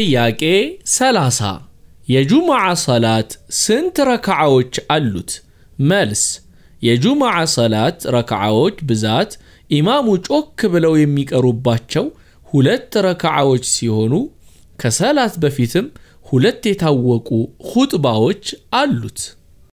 ጥያቄ 30 የጁሙዓ ሰላት ስንት ረክዓዎች አሉት? መልስ የጁሙዓ ሰላት ረክዓዎች ብዛት ኢማሙ ጮክ ብለው የሚቀሩባቸው ሁለት ረክዓዎች ሲሆኑ ከሰላት በፊትም ሁለት የታወቁ ኹጥባዎች አሉት።